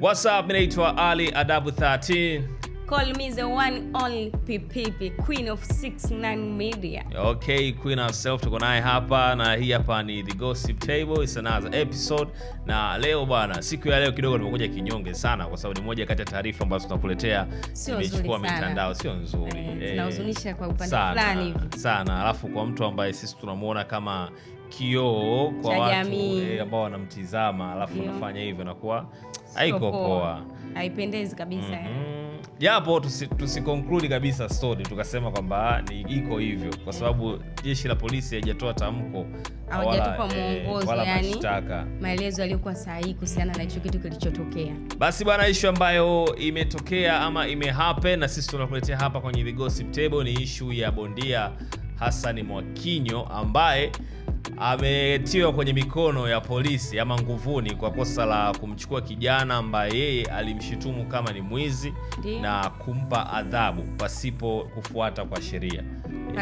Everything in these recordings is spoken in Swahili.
What's up? Mimi naitwa Ali Adabu 13. Call me the one only PPP, Queen of 69 Media. Okay, Queen herself tuko naye hapa na hii hapa ni The Gossip Table, it's another episode. Na leo bwana, siku ya leo kidogo tumekuja kinyonge sana kwa sababu ni moja kati ya taarifa ambazo tunakuletea imechukua mitandao sio nzuri. Eh, eh zinahuzunisha kwa upande fulani hivi. Sana, alafu kwa mtu ambaye sisi tunamuona kama kioo kwa watu eh, ambao wanamtizama alafu anafanya hivyo na kuwa haiko poa, haipendezi kabisa eh. mhm. japo mm -hmm. tusikonkludi tusi kabisa story tukasema kwamba ah, ni iko hivyo kwa sababu jeshi la polisi haijatoa tamko hawajatupa eh, mwongozo e, maelezo yaliyokuwa sahihi kuhusiana na hicho kitu kilichotokea. Basi bwana, ishu ambayo imetokea ama imehape na sisi tunakuletea hapa kwenye The Gossip Table ni ishu ya bondia hasani Mwakinyo ambaye ametiwa kwenye mikono ya polisi ama nguvuni kwa kosa la kumchukua kijana ambaye yeye alimshutumu kama ni mwizi Di. na kumpa adhabu pasipo kufuata kwa sheria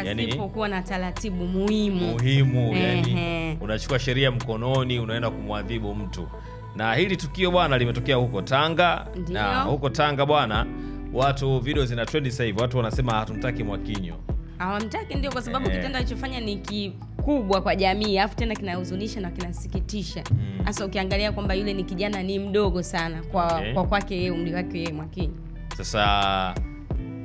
yaani pasipokuwa yani, na taratibu muhimu muhimu yani, unachukua sheria mkononi unaenda kumwadhibu mtu. Na hili tukio bwana limetokea huko Tanga Dio. na huko Tanga bwana, watu video zina trend sasa hivi, watu wanasema hatumtaki Mwakinyo, hawamtaki ndio, kwa sababu eh. kitendo alichofanya ni kubwa kwa jamii, alafu tena kinahuzunisha na kinasikitisha mm. hasa mm. Ukiangalia kwamba yule ni kijana ni mdogo sana kwa okay. kwa kwake yeye umri wake yeye Mwakinyo. Sasa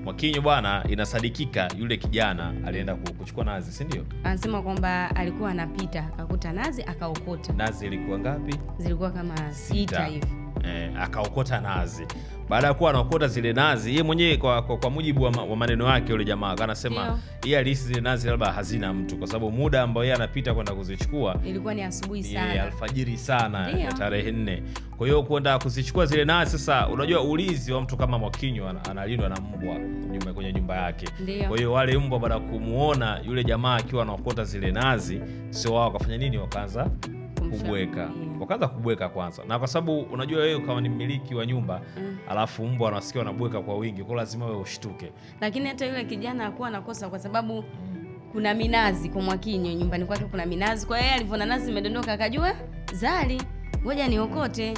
Mwakinyo bwana, inasadikika yule kijana alienda kuchukua nazi, si ndio? Anasema kwamba alikuwa anapita akakuta nazi akaokota. Nazi ilikuwa ngapi? Zilikuwa kama sita hivi eh, akaokota nazi. Baada ya kuwa anaokota zile nazi yeye mwenyewe kwa, kwa, kwa mujibu wa, wa maneno yake yule jamaa anasema yeye alihisi zile nazi labda hazina mtu, kwa sababu muda ambao yeye anapita kwenda kuzichukua ilikuwa ni asubuhi sana, alfajiri sana ya tarehe nne. Kwa hiyo kwenda kuzichukua zile nazi, sasa unajua ulinzi wa mtu kama mwakinywa analindwa na mbwa kwenye nyumba yake. Kwa hiyo wale mbwa baada ya kumuona yule jamaa akiwa anaokota zile nazi, sio wao wakafanya nini, wakaanza kubweka mbwa, kubweka kwanza, na kwa sababu unajua wewe ukawa ni mmiliki wa nyumba mm. alafu mbwa anasikia wanabweka kwa wingi, kwa lazima wewe ushtuke. Lakini hata yule kijana akuwa anakosa kwa sababu mm. kuna minazi kwa Mwakinyo, nyumbani kwake kuna minazi, kwa hiyo alivyoona nazi imedondoka akajua zali, ngoja niokote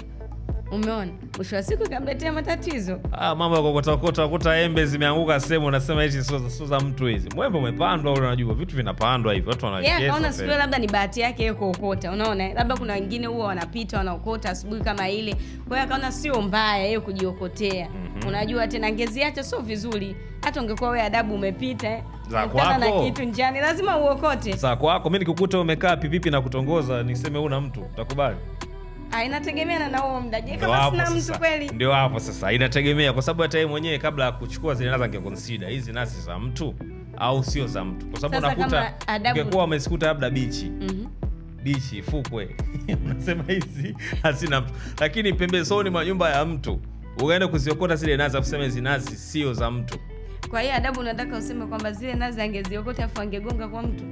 Umeona, mwisho wa siku kamletea matatizo. Ah, mambo ya kukotakota kota, embe zimeanguka sehemu, unasema hizi sio za mtu hizi. Mwembe umepandwa ule, unajua vitu vinapandwa hivi, watu wanawekeza. Yeah, kaona siku labda ni bahati yake yeye kuokota, unaona, labda kuna wengine huwa wanapita wanaokota asubuhi kama ile, kwa hiyo akaona sio mbaya yeye kujiokotea. mm -hmm. Unajua tena ngezi yacho sio vizuri, hata ungekuwa wewe adabu umepita eh. za kwako na kitu njiani, lazima uokote za kwako. Mimi nikikuta umekaa pipipi na kutongoza, niseme huna mtu, utakubali? Ah, inategemea Ndio hapo sasa, inategemea kwa sababu hata yeye mwenyewe kabla ya kuchukua zile nazi angeconsider hizi nazi za mtu au sio za mtu, kwa sababu unakuta ungekuwa umesikuta labda bichi mm -hmm. bichi fukwe unasema hizi hazina mtu, lakini pembezoni mwa nyumba ya mtu ukaenda kuziokota zile nazi, akusema hizi nazi sio za mtu. Kwa hiyo adabu, unataka useme kwamba zile nazi angeziokota afu angegonga kwa mtu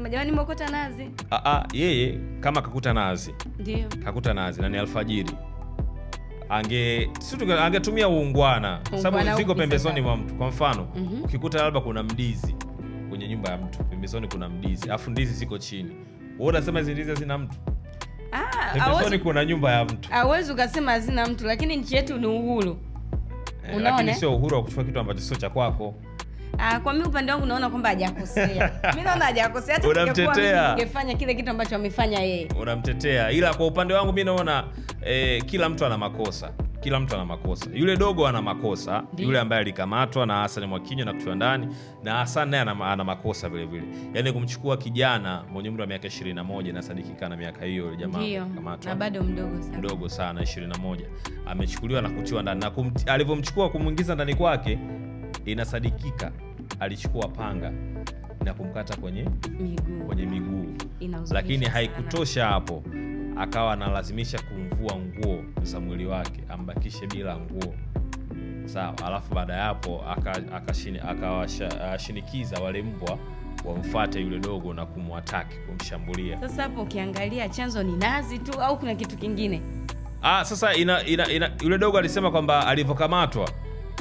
kusema jamani, mokota nazi. Ah, ah, yeye kama kakuta nazi ndio kakuta nazi na ni alfajiri, ange angetumia uungwana, sababu ziko pembezoni mwa mtu. Kwa mfano mm -hmm. ukikuta labda kuna mdizi kwenye nyumba ya mtu pembezoni, kuna mdizi afu ndizi ziko chini, wewe unasema hizi ndizi zina mtu ah, pembezoni kuna nyumba ya mtu, hauwezi ukasema hazina mtu, lakini nchi yetu ni uhuru, eh, unaona, sio uhuru wa kuchukua kitu ambacho sio cha kwako. Uh, kwa mimi upande wangu naona kwamba hajakosea. Mimi naona hajakosea hata ningekuwa ningefanya kile kitu ambacho amefanya yeye. Unamtetea. Ila kwa upande wangu mimi naona eh, kila mtu ana makosa. Kila mtu ana makosa. Yule dogo ana makosa, yule ambaye alikamatwa na Hassan Mwakinyo na kutiwa ndani na Hassan naye ana, makosa vile vile. Yaani kumchukua kijana mwenye umri wa miaka 21 na sadikika na miaka hiyo yule jamaa alikamatwa. Na bado mdogo sana. Mdogo sana 21. Amechukuliwa na kutiwa ndani na alivyomchukua kumwingiza ndani kwake Inasadikika alichukua panga na kumkata kwenye miguu, kwenye miguu. Lakini haikutosha hapo, akawa analazimisha kumvua nguo za mwili wake ambakishe bila nguo sawa. Alafu baada ya hapo akawashinikiza wale mbwa wamfate yule dogo na kumwataki kumshambulia. Sasa hapo ukiangalia chanzo ni nazi tu au kuna kitu kingine? Ah, sasa ina, ina, ina, yule dogo alisema kwamba alivyokamatwa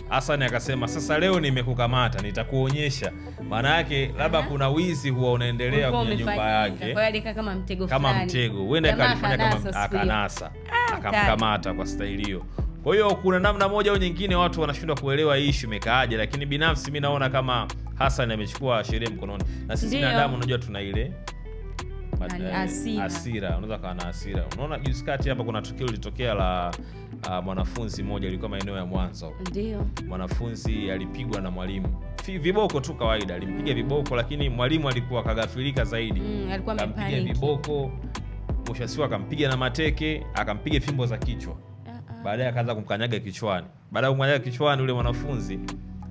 hasani akasema sasa leo nimekukamata, nitakuonyesha. Maana yake labda kuna wizi huwa unaendelea kwenye nyumba yake kama mtego, kama mtego kama akanasa, ah, akamkamata kwa staili hiyo. Kwa hiyo kuna namna moja au nyingine watu wanashindwa kuelewa hii ishu imekaaje, lakini binafsi mi naona kama Hassan amechukua sheria mkononi, na sisi binadamu unajua tuna ile asira unaweza kawa na asira Unaona juzi kati hapa kuna tukio lilitokea la uh, mwanafunzi mmoja, ilikuwa maeneo ya mwanzo ndio mwanafunzi alipigwa na mwalimu viboko tu kawaida, alimpiga viboko, lakini mwalimu alikuwa kagafilika zaidi mm, alikuwa viboko, mshasiwa akampiga na mateke, akampiga fimbo za kichwa uh -uh. Baadaye akaanza kumkanyaga kichwani. Baada ya kumkanyaga kichwani, ule mwanafunzi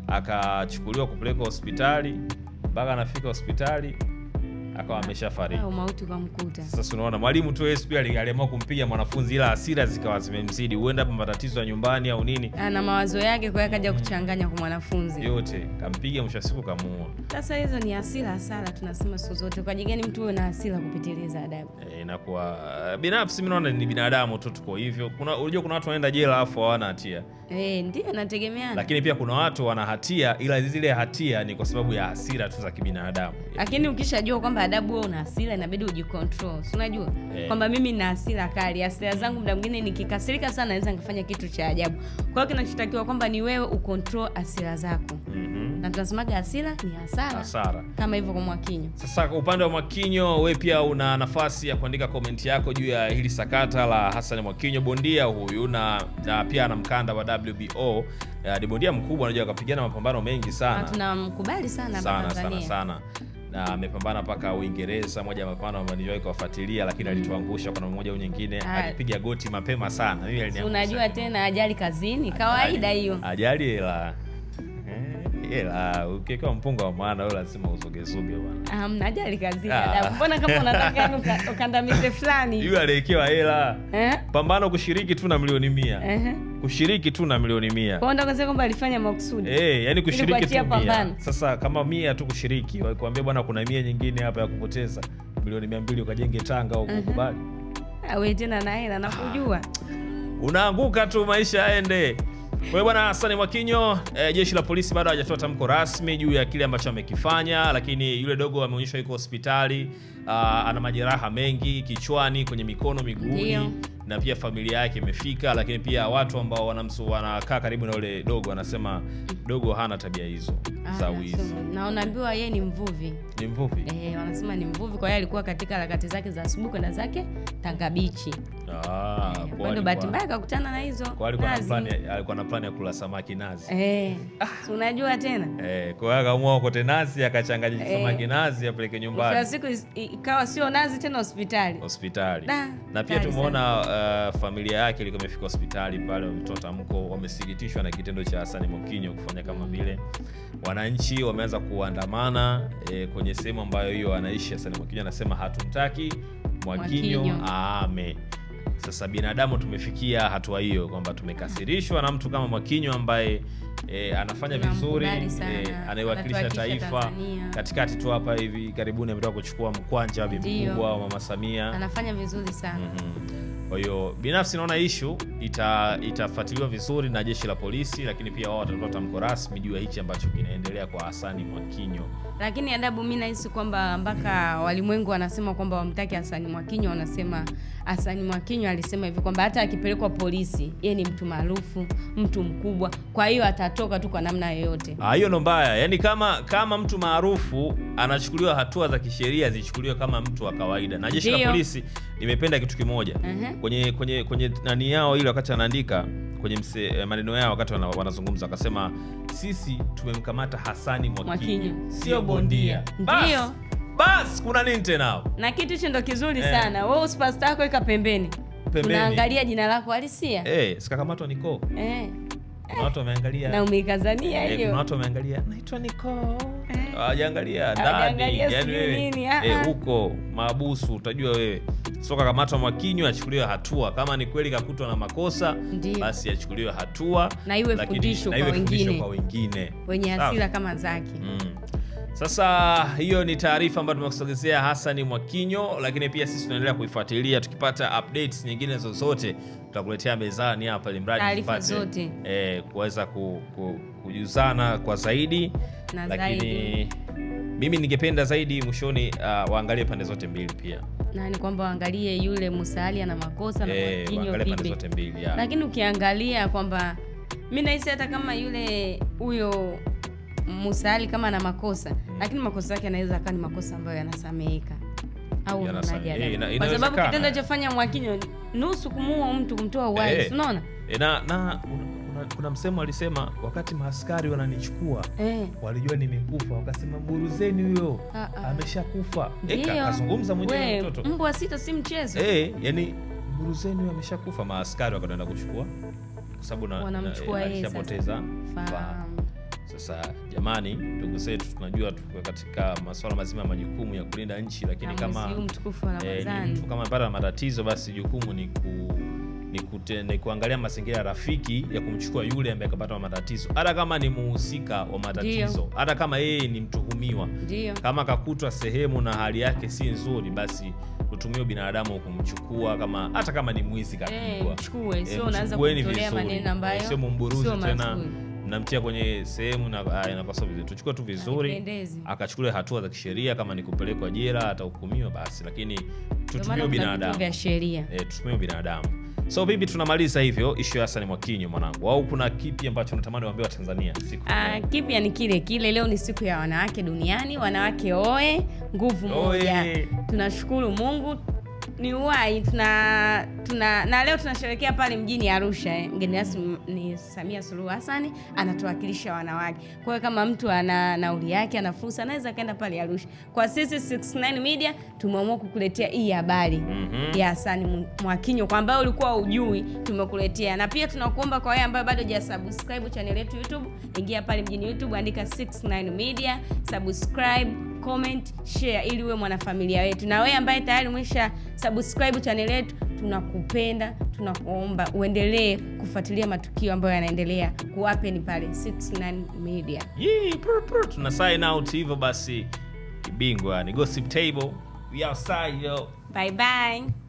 akachukuliwa kupelekwa hospitali, mpaka anafika hospitali akawa ameshafariki au mauti kamkuta. Sasa unaona mwalimu tu Yesu pia aliamua kumpiga mwanafunzi, ila hasira zikawa zimemzidi, huenda matatizo ya nyumbani au nini, ana ah, mawazo yake, kwa hiyo akaja kuchanganya kwa mwanafunzi yote, kampiga, mwisho siku kamuua. Sasa hizo ni hasira, sana, tunasema siku zote. Kwa jigeni mtu uwe na hasira kupitileza adabu eh, inakuwa e, binafsi mimi naona ni binadamu tu, tuko hivyo. Kuna unajua, kuna watu wanaenda jela afu hawana hatia e, ndio nategemeana, lakini pia kuna watu wana hatia, ila zile hatia ni kwa sababu ya hasira tu za kibinadamu, lakini ukishajua kwamba adabu wewe una hasira inabidi ujicontrol. Si unajua? Yeah. Kwamba mimi na hasira kali. Hasira zangu muda mwingine nikikasirika sana naweza nikafanya kitu cha ajabu. Kwa hiyo kinachotakiwa kwamba ni wewe ucontrol hasira zako. Mm -hmm. Na tunasemaga hasira ni hasara. Hasara. Kama hivyo kwa Mwakinyo. Sasa upande wa Mwakinyo wewe pia una nafasi ya kuandika komenti yako juu ya hili sakata la Hassan Mwakinyo bondia huyu na, na pia mkanda wa WBO eh, ni bondia mkubwa, anajua akapigana mapambano mengi sana. Tunamkubali sana sana sana sana na amepambana mpaka Uingereza, moja ya mapambano ambayo niliwahi kuwafuatilia, lakini alituangusha kwa namna moja au nyingine. Ah. Alipiga goti mapema sana, mimi unajua tena, ajali kazini, kawaida hiyo, ajali hela eh, hela ukiwekewa mpunga wa maana wewe lazima usugesuge bwana. Ah, hamna ajali kazi. Ah. Mbona kama unataka yaani ukandamize fulani? Yule aliwekewa hela. Eh? Pambano kushiriki tu na milioni mia. Eh? kushiriki tu na milioni mia. Kwamba alifanya makusudi. Eh, yani kushiriki tu mia. Sasa kama mia tu kushiriki, wakwambia bwana kuna mia nyingine hapa ya kupoteza milioni mia mbili ukajenge Tanga au kukubali. Mhm. Awe ah, tena na hela nakujua. Unaanguka tu maisha yaende. Kwa hiyo bwana Hassan Mwakinyo eh, jeshi la polisi bado hajatoa tamko rasmi juu ya kile ambacho amekifanya, lakini yule dogo ameonyeshwa yuko hospitali, uh, ana majeraha mengi kichwani, kwenye mikono, miguuni na pia familia yake imefika, lakini pia watu ambao wanakaa karibu na ule dogo wanasema dogo hana tabia hizo ah, za wizi, na unaambiwa yeye ni mvuvi. Ni mvuvi eh, wanasema ni mvuvi, kwa hiyo alikuwa katika harakati zake za asubuhi kwenda zake tangabichi Ah, eh, bado bahati mbaya kakutana na hizo. Alikuwa na plani ya kula samaki nazi, eh, unajua tena eh. Kwa hiyo akaamua kote nazi akachanganya eh. samaki nazi apeleke nyumbani, kwa siku ikawa sio nazi tena, hospitali hospitali. Na pia tumeona uh, familia yake ilikuwa imefika hospitali pale, wametoa tamko, wamesikitishwa na kitendo cha Hassan mokinyo kufanya kama vile. Wananchi wameanza kuandamana eh, kwenye sehemu ambayo hiyo anaishi Hassan mokinyo anasema hatumtaki Mwakinyo aame. Sasa binadamu tumefikia hatua hiyo kwamba tumekasirishwa na mtu kama Mwakinyo ambaye e, anafanya vizuri e, anayewakilisha taifa Tanzania. Katikati tu hapa hivi karibuni ametoka kuchukua mkwanja wa bibi mkubwa wa Mama Samia, anafanya vizuri sana. Mhm. Kwa hiyo mm -hmm. binafsi naona ishu ita itafuatiliwa vizuri na jeshi la polisi, lakini pia wao watatoa tamko rasmi juu ya hichi ambacho kinaendelea kwa Hasani Mwakinyo. Lakini adabu, mimi nahisi kwamba mpaka walimwengu wanasema kwamba wamtaki Hasani Mwakinyo, wanasema Hasani Mwakinyo alisema hivi kwamba hata akipelekwa polisi, ye ni mtu maarufu, mtu mkubwa, kwa hiyo atatoka tu kwa namna yoyote. Ah, hiyo ndo mbaya. Yaani kama kama mtu maarufu anachukuliwa hatua za kisheria zichukuliwe kama mtu wa kawaida. Na jeshi la polisi Nimependa kitu kimoja. Uh -huh. Kwenye kwenye kwenye nani yao ile wakati anaandika kwenye eh, maneno yao wakati wanazungumza wakasema, sisi tumemkamata Hasani Mwakinyo sio bondia. Ndio bas, kuna nini tena? Na kitu hicho ndo kizuri eh, sana wewe uspasta yako ika pembeni, pembeni unaangalia jina lako alisia eh, sikakamatwa niko eh, na watu wameangalia na umeikazania eh, hiyo, na watu wameangalia naitwa niko eh. Ah, hawajaangalia ndani yani wewe ah. eh, huko e, utajua wewe soka kamata Mwakinyo achukuliwe hatua, kama ni kweli kakutwa na makosa Ndiyo. basi achukuliwe hatua na iwe fundisho kwa, wengine wenye asira kama zake mm. Sasa hiyo ni taarifa ambayo tumekusogezea Hassan Mwakinyo, lakini pia sisi tunaendelea kuifuatilia. Tukipata updates nyingine zozote, tutakuletea mezani hapa, ili mradi tupate eh, kuweza ku, ku, kujuzana kwa zaidi na lakini zaidi. Mimi ningependa zaidi mwishoni, uh, waangalie pande zote mbili pia na ni kwamba waangalie yule Musalia ana makosa na Mwakinyo eh, pande zote mbili, lakini ukiangalia kwamba mimi nahisi hata kama yule huyo Musa Ali kama ana makosa, lakini makosa yake anaweza akawa ni makosa ambayo yanasameheka au unajadili. Eh, kwa sababu kitendo chofanya Mwakinyo nusu kumuua mtu kumtoa uhai hey, eh. unaona hey, eh, na, na kuna msemo alisema, wakati maaskari wananichukua eh, walijua nimekufa, wakasema buruzeni huyo ah, ah. ameshakufa. Akazungumza mwenyewe mtoto, mbwa sita si mchezo eh, yani buruzeni huyo ameshakufa. Maaskari wakaenda kuchukua kwa sababu wanamchukua yeye, ameshapoteza fahamu. Sasa jamani, ndugu zetu, tunajua tuko katika masuala mazima ya majukumu ya kulinda nchi, lakini kama eh, mtu kama amepata matatizo, basi jukumu ni ku ni, kute, ni kuangalia mazingira rafiki ya kumchukua yule ambaye akapata matatizo, hata kama ni muhusika wa matatizo, hata kama yeye ni mtuhumiwa. Dio. Kama akakutwa sehemu na hali yake si nzuri, basi utumie binadamu kumchukua, kama hata kama ni mwizi kapigwa, eh, eh, mchukueni vizuri, sio mumburuzi tena mazuri namtia kwenye sehemu ah, inapaswa vizuri, tuchukue tu vizuri, akachukulia hatua za kisheria. Kama ni kupelekwa jela, atahukumiwa basi, lakini tutumie binadamu, eh, tutumie binadamu. So bibi, tunamaliza hivyo ishu ya Hassan Mwakinyo mwanangu, au kuna kipi ambacho unatamani waambie Watanzania siku ah? kipi ni kile kile, leo ni siku ya wanawake duniani. Wanawake oe, nguvu moja. Tunashukuru Mungu ni uwai tuna, tuna na leo tunasherehekea pale mjini Arusha eh. Mgeni rasmi ni Samia Suluhu Hassan anatuwakilisha wanawake. Kwa hiyo kama mtu ana nauli yake ana fursa anaweza kaenda pale Arusha. Kwa sisi 69 Media tumeamua kukuletea hii habari mm -hmm. ya Hassan Mwakinyo kwa ambayo ulikuwa ujui tumekuletea, na pia tunakuomba kwa wewe ambayo bado hujasubscribe channel yetu YouTube, ingia pale mjini YouTube andika 69 Media subscribe comment, share ili uwe mwanafamilia wetu. Na wewe ambaye tayari umesha subscribe channel yetu, tunakupenda, tunakuomba uendelee kufuatilia matukio ambayo yanaendelea kuhappen pale 69 Media. Yee, pru, pru, tuna sign out hivyo basi. Kibingwa ni Gossip Table. We outside yo. Bye bye.